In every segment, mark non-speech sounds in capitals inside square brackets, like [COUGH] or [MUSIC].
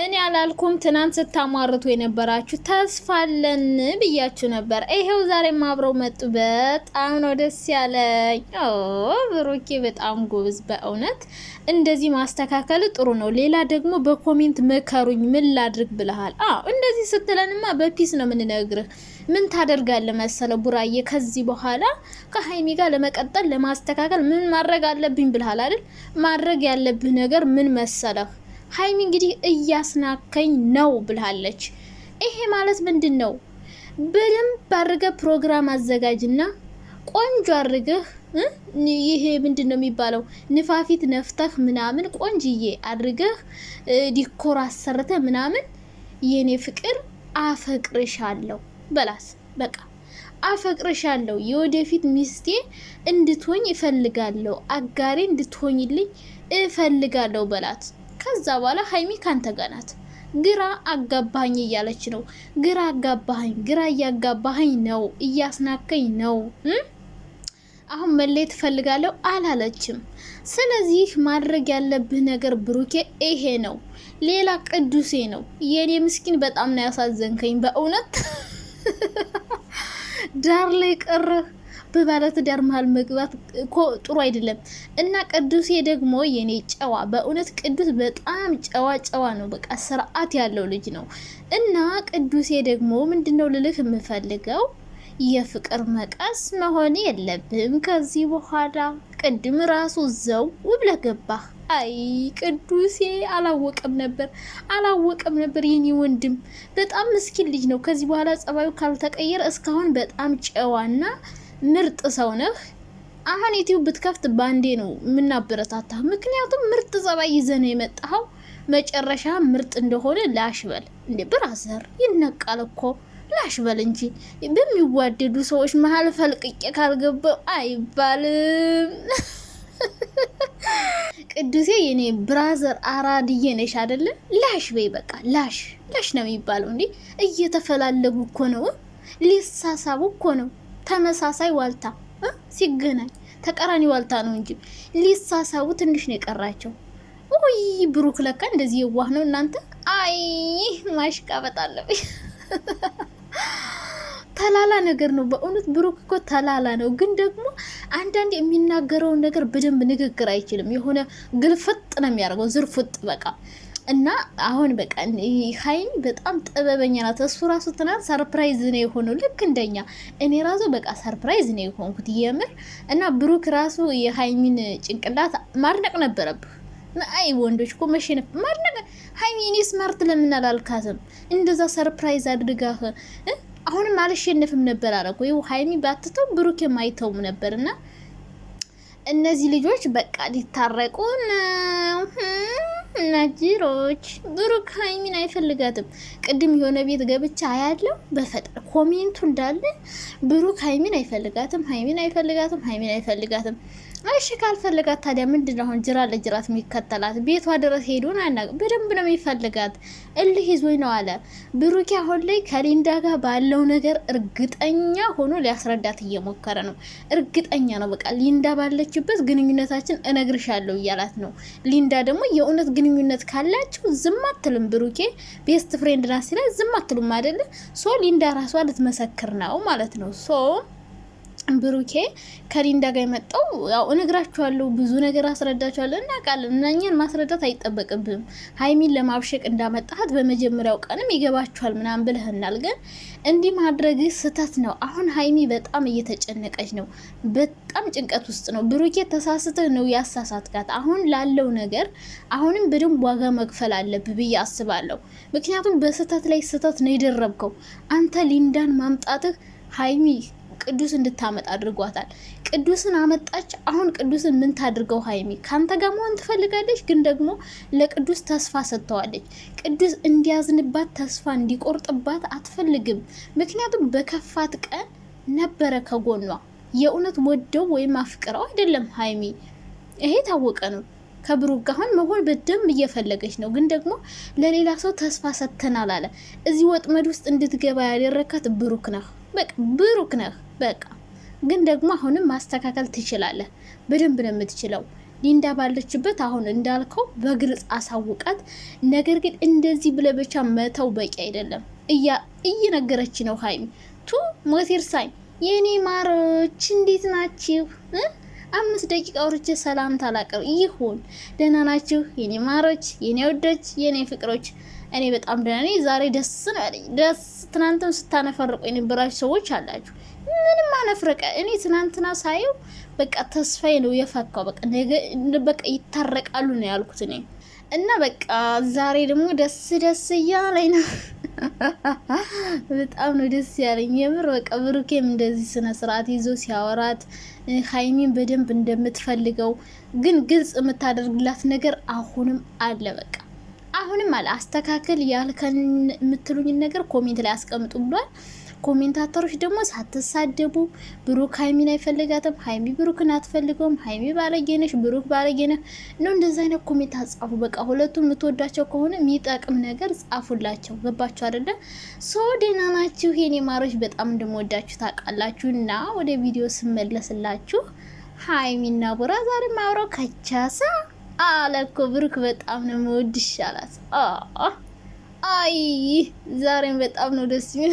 እኔ አላልኩም። ትናንት ስታማርቱ የነበራችሁ ተስፋ አለን ብያችሁ ነበር። ይሄው ዛሬም አብረው መጡ። በጣም ነው ደስ ያለኝ። ኦ ብሩኪ በጣም ጎበዝ። በእውነት እንደዚህ ማስተካከል ጥሩ ነው። ሌላ ደግሞ በኮሜንት መከሩኝ ምን ላድርግ ብለሃል። አዎ እንደዚህ ስትለንማ በፒስ ነው የምንነግርህ። ምን ታደርጋለህ መሰለ ቡራዬ፣ ከዚህ በኋላ ከሀይሚ ጋር ለመቀጠል ለማስተካከል ምን ማድረግ አለብኝ ብለሃል አይደል? ማድረግ ያለብህ ነገር ምን መሰለህ ሀይሚ እንግዲህ እያስናከኝ ነው ብላለች። ይሄ ማለት ምንድን ነው? በደንብ አድርገህ ፕሮግራም አዘጋጅና ቆንጆ አድርገህ ይሄ ምንድን ነው የሚባለው ንፋፊት ነፍተህ ምናምን ቆንጅዬ አድርገህ ዲኮር አሰርተ ምናምን የእኔ ፍቅር አፈቅርሻለሁ በላስ በቃ አፈቅርሻለሁ የወደፊት ሚስቴ እንድትሆኝ እፈልጋለሁ አጋሬ እንድትሆኝልኝ እፈልጋለሁ በላት። ከዛ በኋላ ሀይሚ ካንተ ጋር ናት። ግራ አጋባኝ እያለች ነው። ግራ አጋባኝ፣ ግራ እያጋባኝ ነው፣ እያስናከኝ ነው። አሁን መለየት ትፈልጋለሁ አላለችም። ስለዚህ ማድረግ ያለብህ ነገር ብሩኬ ይሄ ነው። ሌላ ቅዱሴ ነው የኔ ምስኪን፣ በጣም ነው ያሳዘንከኝ በእውነት [LAUGHS] ዳር ላይ ቀረህ። በባለትዳር መሀል መግባት እኮ ጥሩ አይደለም። እና ቅዱሴ ደግሞ የኔ ጨዋ፣ በእውነት ቅዱስ በጣም ጨዋ ጨዋ ነው። በቃ ስርዓት ያለው ልጅ ነው። እና ቅዱሴ ደግሞ ምንድን ነው ልልህ የምፈልገው የፍቅር መቃስ መሆን የለብም ከዚህ በኋላ። ቅድም ራሱ ዘው ብለህ ገባ። አይ ቅዱሴ አላወቀም ነበር አላወቀም ነበር። የኔ ወንድም በጣም ምስኪን ልጅ ነው። ከዚህ በኋላ ጸባዩ ካልተቀየረ እስካሁን በጣም ጨዋና ምርጥ ሰው ነህ። አሁን ዩቲዩብ ብትከፍት ባንዴ ነው የምናበረታታ። ምክንያቱም ምርጥ ጸባይ ይዘህ ነው የመጣኸው። መጨረሻ ምርጥ እንደሆነ ላሽበል እንዴ ብራዘር፣ ይነቃል እኮ ላሽበል እንጂ በሚዋደዱ ሰዎች መሀል ፈልቅቄ ካልገባው አይባልም። [LAUGHS] ቅዱሴ የኔ ብራዘር አራድዬ ነሽ አይደለ? ላሽ በይ በቃ ላሽ ላሽ ነው የሚባለው እንዴ። እየተፈላለጉ እኮ ነው፣ ሊሳሳቡ እኮ ነው። ተመሳሳይ ዋልታ ሲገናኝ ተቃራኒ ዋልታ ነው እንጂ ሊሳሳቡ ትንሽ ነው የቀራቸው። ውይ ብሩክ ለካ እንደዚህ የዋህ ነው እናንተ። አይ ማሽቃ በጣለብ [LAUGHS] ተላላ ነገር ነው በእውነት ብሩክ እኮ ተላላ ነው። ግን ደግሞ አንዳንድ የሚናገረውን ነገር በደንብ ንግግር አይችልም። የሆነ ግልፍጥ ነው የሚያደርገው ዝርፍጥ በቃ እና አሁን በቃ ሀይሚ በጣም ጥበበኛ ናት። እሱ ራሱ ትናንት ሰርፕራይዝ ነው የሆነው ልክ እንደኛ። እኔ ራሱ በቃ ሰርፕራይዝ ነው የሆንኩት የምር። እና ብሩክ ራሱ የሀይሚን ጭንቅላት ማድነቅ ነበረብህ። አይ ወንዶች እኮ መቼ ነበር ማድነቅ። ሀይሚ እኔ ስማርት ለምን አላልካትም? እንደዛ ሰርፕራይዝ አድርጋህ አሁንም አልሸነፍም ነበር አረኩ። ወይ ሀይሚ ባትተው ብሩክ የማይተውም ነበር እና እነዚህ ልጆች በቃ ሊታረቁ ነው። እና ጅሮች ብሩክ ሀይሚን አይፈልጋትም። ቅድም የሆነ ቤት ገብቻ ያለው በፈጠር ኮሜንቱ እንዳለ ብሩክ ሀይሚን አይፈልጋትም፣ ሀይሚን አይፈልጋትም፣ ሀይሚን አይፈልጋትም። እሺ ካልፈልጋት ታዲያ ምንድን ነው አሁን ጅራ ለጅራት የሚከተላት? ቤቷ ድረስ ሄዱን አናቅ በደንብ ነው የሚፈልጋት። እልህ ይዞኝ ነው አለ ብሩኪ። አሁን ላይ ከሊንዳ ጋር ባለው ነገር እርግጠኛ ሆኖ ሊያስረዳት እየሞከረ ነው። እርግጠኛ ነው በቃ ሊንዳ ባለችበት ግንኙነታችን እነግርሻለሁ እያላት ነው። ሊንዳ ደግሞ የእውነት ግንኙነት ካላችሁ ዝም አትልም ብሩኬ። ቤስት ፍሬንድ ናት ሲላት ዝም አትሉም አይደለ? ሶ ሊንዳ ራሷ ልትመሰክር ነው ማለት ነው ሶ ብሩኬ ከሊንዳ ጋር የመጣው ያው እነግራችኋለሁ፣ ብዙ ነገር አስረዳችኋለሁ፣ እናውቃለን እና ማስረዳት አይጠበቅብም። ሀይሚን ለማብሸቅ እንዳመጣት በመጀመሪያው ቀንም ይገባችኋል ምናምን ብልህናል። ግን እንዲህ ማድረግ ስህተት ነው። አሁን ሀይሚ በጣም እየተጨነቀች ነው፣ በጣም ጭንቀት ውስጥ ነው። ብሩኬ ተሳስተህ ነው ያሳሳትካት። አሁን ላለው ነገር አሁንም በደንብ ዋጋ መክፈል አለብህ ብዬ አስባለሁ። ምክንያቱም በስህተት ላይ ስህተት ነው የደረብከው አንተ ሊንዳን ማምጣትህ ሀይሚ ቅዱስ እንድታመጣ አድርጓታል። ቅዱስን አመጣች። አሁን ቅዱስን ምን ታድርገው? ሀይሚ ካንተ ጋር መሆን ትፈልጋለች፣ ግን ደግሞ ለቅዱስ ተስፋ ሰጥተዋለች። ቅዱስ እንዲያዝንባት ተስፋ እንዲቆርጥባት አትፈልግም። ምክንያቱም በከፋት ቀን ነበረ ከጎኗ። የእውነት ወደው ወይም አፍቅረው አይደለም ሀይሚ፣ ይሄ ታወቀ ነው። ከብሩክ ጋር አሁን መሆን በደም እየፈለገች ነው፣ ግን ደግሞ ለሌላ ሰው ተስፋ ሰጥተናል አለ። እዚህ ወጥመድ ውስጥ እንድትገባ ያደረካት ብሩክ ነህ፣ በቃ ብሩክ ነህ። በቃ ግን ደግሞ አሁንም ማስተካከል ትችላለህ፣ በደንብ ነው የምትችለው። ሊንዳ ባለችበት አሁን እንዳልከው በግልጽ አሳውቃት። ነገር ግን እንደዚህ ብለህ ብቻ መተው በቂ አይደለም። እያ እየነገረች ነው ሀይሚ ቱ ሞቴር ሳይ የኔ ማሮች እንዴት ናችሁ? አምስት ደቂቃ አውርቼ ሰላምታ አላቀርብ ይሁን። ደህና ናችሁ የኔ ማሮች፣ የኔ ወዶች፣ የኔ ፍቅሮች? እኔ በጣም ደህና ነኝ። ዛሬ ደስ ነው ያለኝ። ደስ ትናንትም ስታነፈርቁ የነበራችሁ ሰዎች አላችሁ። ምንም አነፍረቀ። እኔ ትናንትና ሳየው በቃ ተስፋዬ ነው የፈካው። በቃ ነገ በቃ ይታረቃሉ ነው ያልኩት እኔ እና በቃ ዛሬ ደግሞ ደስ ደስ እያለኝ ነው። በጣም ነው ደስ ያለኝ የምር በቃ ብሩኬም እንደዚህ ስነ ስርዓት ይዞ ሲያወራት ሀይሚን በደንብ እንደምትፈልገው ግን ግልጽ የምታደርግላት ነገር አሁንም አለ። በቃ አሁንም አለ። አስተካከል ያልከን የምትሉኝን ነገር ኮሜንት ላይ አስቀምጡ ብሏል። ኮሜንታተሮች ደግሞ ሳትሳደቡ ብሩክ ሀይሚን አይፈልጋትም፣ ሀይሚ ብሩክን አትፈልገውም፣ ሀይሚ ባለጌነሽ፣ ብሩክ ባለጌነህ ነው። እንደዚ አይነት ኮሜንት አጻፉ። በቃ ሁለቱም የምትወዳቸው ከሆነ የሚጠቅም ነገር ጻፉላቸው። ገባችሁ አደለ? ሶ ደህና ናችሁ የኔ ማሮች? በጣም እንደምወዳችሁ ታውቃላችሁ። እና ወደ ቪዲዮ ስመለስላችሁ ሀይሚና ቡራ ዛሬ ማብረው ከቻሳ አለኮ ብሩክ በጣም ነው መወድሽ ይሻላት። አይ ዛሬም በጣም ነው ደስ የሚል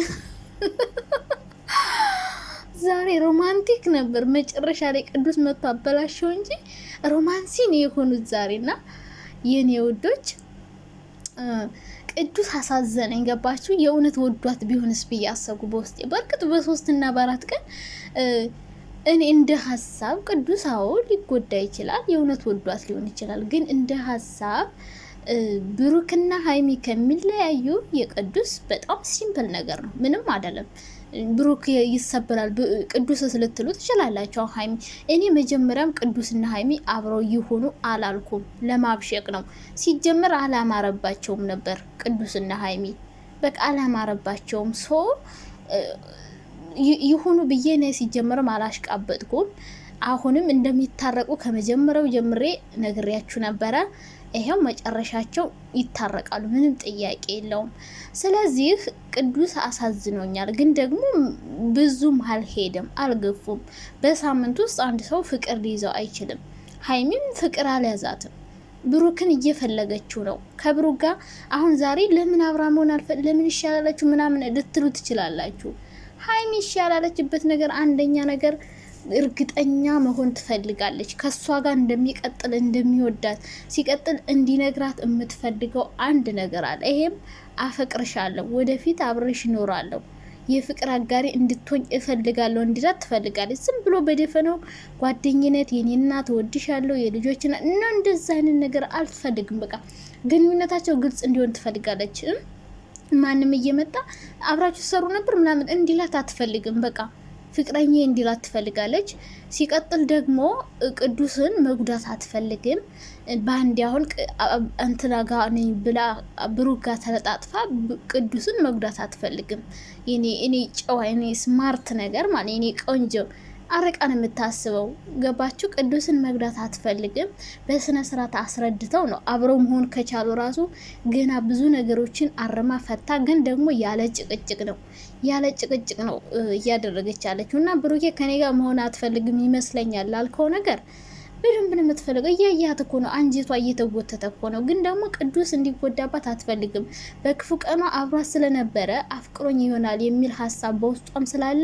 [LAUGHS] ዛሬ ሮማንቲክ ነበር። መጨረሻ ላይ ቅዱስ መጥቶ አበላሸው እንጂ ሮማንሲን የሆኑት ዛሬ እና የኔ ውዶች ቅዱስ አሳዘነኝ። ገባችሁ? የእውነት ወዷት ቢሆንስ ብዬ አሰብኩ በውስጤ። በእርግጥ በሶስትና በአራት ቀን እኔ እንደ ሀሳብ ቅዱስ አዎ ሊጎዳ ይችላል፣ የእውነት ወዷት ሊሆን ይችላል። ግን እንደ ሀሳብ ብሩክና ሀይሚ ከሚለያዩ የቅዱስ በጣም ሲምፕል ነገር ነው። ምንም አይደለም። ብሩክ ይሰበራል። ቅዱስ ስልትሉ ትችላላቸው። ሀይሚ እኔ መጀመሪያም ቅዱስና ሀይሚ አብረው ይሆኑ አላልኩም፣ ለማብሸቅ ነው። ሲጀምር አላማረባቸውም ነበር ቅዱስና ሀይሚ በቃ አላማረባቸውም። ሶ ይሁኑ ብዬ ነ ሲጀምርም አላሽቃበጥኩም። አሁንም እንደሚታረቁ ከመጀመሪያው ጀምሬ ነግሬያችሁ ነበረ። ይሄው መጨረሻቸው ይታረቃሉ፣ ምንም ጥያቄ የለውም። ስለዚህ ቅዱስ አሳዝኖኛል፣ ግን ደግሞ ብዙም አልሄድም፣ አልገፉም። በሳምንት ውስጥ አንድ ሰው ፍቅር ሊይዘው አይችልም። ሀይሚም ፍቅር አልያዛትም። ብሩክን እየፈለገችው ነው። ከብሩክ ጋር አሁን ዛሬ ለምን አብራ መሆን አልፈል ለምን ይሻላላችሁ ምናምን ልትሉ ትችላላችሁ። ሀይሚ ይሻላለችበት ነገር አንደኛ ነገር እርግጠኛ መሆን ትፈልጋለች። ከእሷ ጋር እንደሚቀጥል እንደሚወዳት፣ ሲቀጥል እንዲነግራት የምትፈልገው አንድ ነገር አለ። ይሄም አፈቅርሻለሁ፣ ወደፊት አብረሽ ይኖራለሁ የፍቅር አጋሪ እንድትሆኝ እፈልጋለሁ እንዲላት ትፈልጋለች። ዝም ብሎ በደፈነው ጓደኝነት የኔ እናት እወድሻለሁ የልጆችን እና እንደዚ አይነት ነገር አልትፈልግም። በቃ ግንኙነታቸው ግልጽ እንዲሆን ትፈልጋለች። ማንም እየመጣ አብራችሁ ሰሩ ነበር ምናምን እንዲላት አትፈልግም። በቃ ፍቅረኛ እንዲላት ትፈልጋለች። ሲቀጥል ደግሞ ቅዱስን መጉዳት አትፈልግም። በአንድ አሁን እንትና ጋ ነኝ ብላ ብሩክ ጋ ተለጣጥፋ ቅዱስን መጉዳት አትፈልግም። እኔ ጨዋ፣ እኔ ስማርት ነገር ማለት እኔ ቆንጆ አረቃን የምታስበው ገባችሁ። ቅዱስን መግዳት አትፈልግም። በስነ ስርዓት አስረድተው ነው አብረው መሆን ከቻሉ ራሱ ገና ብዙ ነገሮችን አርማ ፈታ። ግን ደግሞ ያለ ጭቅጭቅ ነው ያለ ጭቅጭቅ ነው እያደረገች ያለችው እና ብሩኬ ከኔ ጋር መሆን አትፈልግም ይመስለኛል ላልከው ነገር በደንብ ነው የምትፈልገው። እያያት እኮ ነው፣ አንጀቷ እየተጎተተ እኮ ነው። ግን ደግሞ ቅዱስ እንዲጎዳባት አትፈልግም። በክፉ ቀኗ አብሯት ስለነበረ አፍቅሮኝ ይሆናል የሚል ሀሳብ በውስጧም ስላለ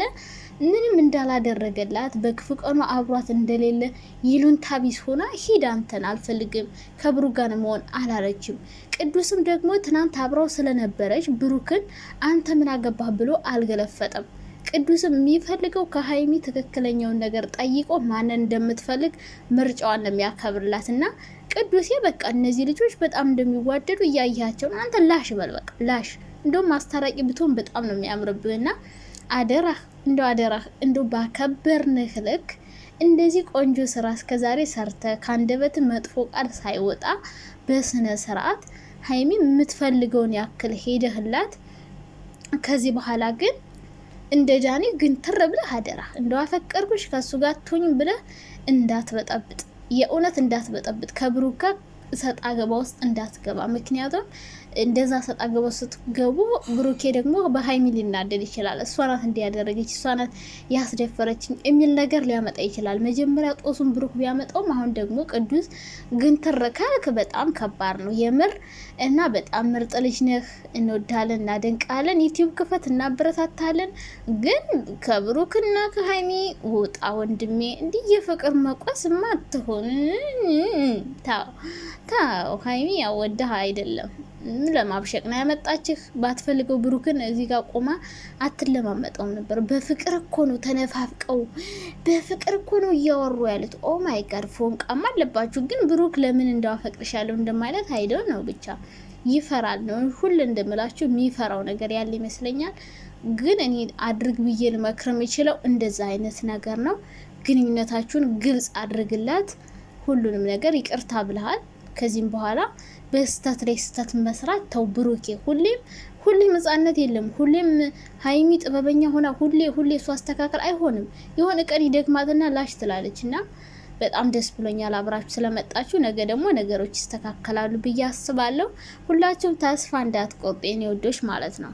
ምንም እንዳላደረገላት በክፉ ቀኗ አብሯት እንደሌለ ይሉኝታ ቢስ ሆና ሂድ አንተን አልፈልግም ከብሩ ጋር መሆን አላለችም። ቅዱስም ደግሞ ትናንት አብራው ስለነበረች ብሩክን አንተ ምን አገባህ ብሎ አልገለፈጠም። ቅዱስም የሚፈልገው ከሀይሚ ትክክለኛውን ነገር ጠይቆ ማንን እንደምትፈልግ ምርጫዋን ነው የሚያከብርላት እና ቅዱሴ በቃ እነዚህ ልጆች በጣም እንደሚዋደዱ እያያቸው ነው። አንተ ላሽ በል በቃ ላሽ። እንደውም ማስታራቂ ብትሆን በጣም ነው የሚያምርብህና አደራህ፣ እንደ አደራህ፣ እንደ ባከበርንህ ልክ እንደዚህ ቆንጆ ስራ እስከዛሬ ሰርተ ከአንደበት መጥፎ ቃል ሳይወጣ በስነ ስርዓት ሀይሚ የምትፈልገውን ያክል ሄደህላት ከዚህ በኋላ ግን እንደ ጃኒ ግን ትር ብለህ አደራ እንደው አፈቀርኩሽ ከሱ ጋር አትሆኝም ብለህ እንዳትበጠብጥ፣ የእውነት እንዳትበጠብጥ ከብሩክ ጋር ሰጣ ገባ ውስጥ እንዳትገባ። ምክንያቱም እንደዛ ሰጣ ገባ ስትገቡ ብሩኬ ደግሞ በሀይሚ ሊናደድ ይችላል። እሷ ናት እንዲያደረገች እሷ ናት ያስደፈረችኝ የሚል ነገር ሊያመጣ ይችላል። መጀመሪያ ጦሱን ብሩክ ቢያመጣውም አሁን ደግሞ ቅዱስ ግን ትረካልክ በጣም ከባድ ነው የምር እና በጣም ምርጥ ልጅ ነህ። እንወዳለን፣ እናደንቃለን። ዩቲዩብ ክፈት፣ እናበረታታለን። ግን ከብሩክና ከሀይሚ ውጣ ወንድሜ። እንዲህ የፍቅር መቋስማ አትሆን ታው ሀይሚ ያው ወደህ አይደለም ለማብሸቅ ነው ያመጣችህ። ባትፈልገው ብሩክን እዚህ ጋር ቆማ አትለማመጠው ነበር። በፍቅር እኮ ነው ተነፋፍቀው፣ በፍቅር እኮ ነው እያወሩ ያሉት። ኦ ማይ ጋድ ፎንቃማ አለባችሁ። ግን ብሩክ ለምን እንዳፈቅርሻለሁ እንደማለት አይደው ነው ብቻ ይፈራል ነው ሁል እንደምላችሁ የሚፈራው ነገር ያለ ይመስለኛል። ግን እኔ አድርግ ብዬ ልመክር የምችለው እንደዛ አይነት ነገር ነው። ግንኙነታችሁን ግልጽ አድርግላት። ሁሉንም ነገር ይቅርታ ብልሃል ከዚህም በኋላ በስህተት ላይ ስህተት መስራት ተው ብሩኬ። ሁሌም ሁሌም ህጻነት የለም። ሁሌም ሀይሚ ጥበበኛ ሆና ሁሌ ሁሌ እሱ አስተካከል አይሆንም። የሆነ ቀን ይደግማትና ላሽ ትላለች እና በጣም ደስ ብሎኛል አብራችሁ ስለመጣችሁ። ነገ ደግሞ ነገሮች ይስተካከላሉ ብዬ አስባለሁ። ሁላችሁም ተስፋ እንዳትቆርጡ የኔ ወዶች ማለት ነው።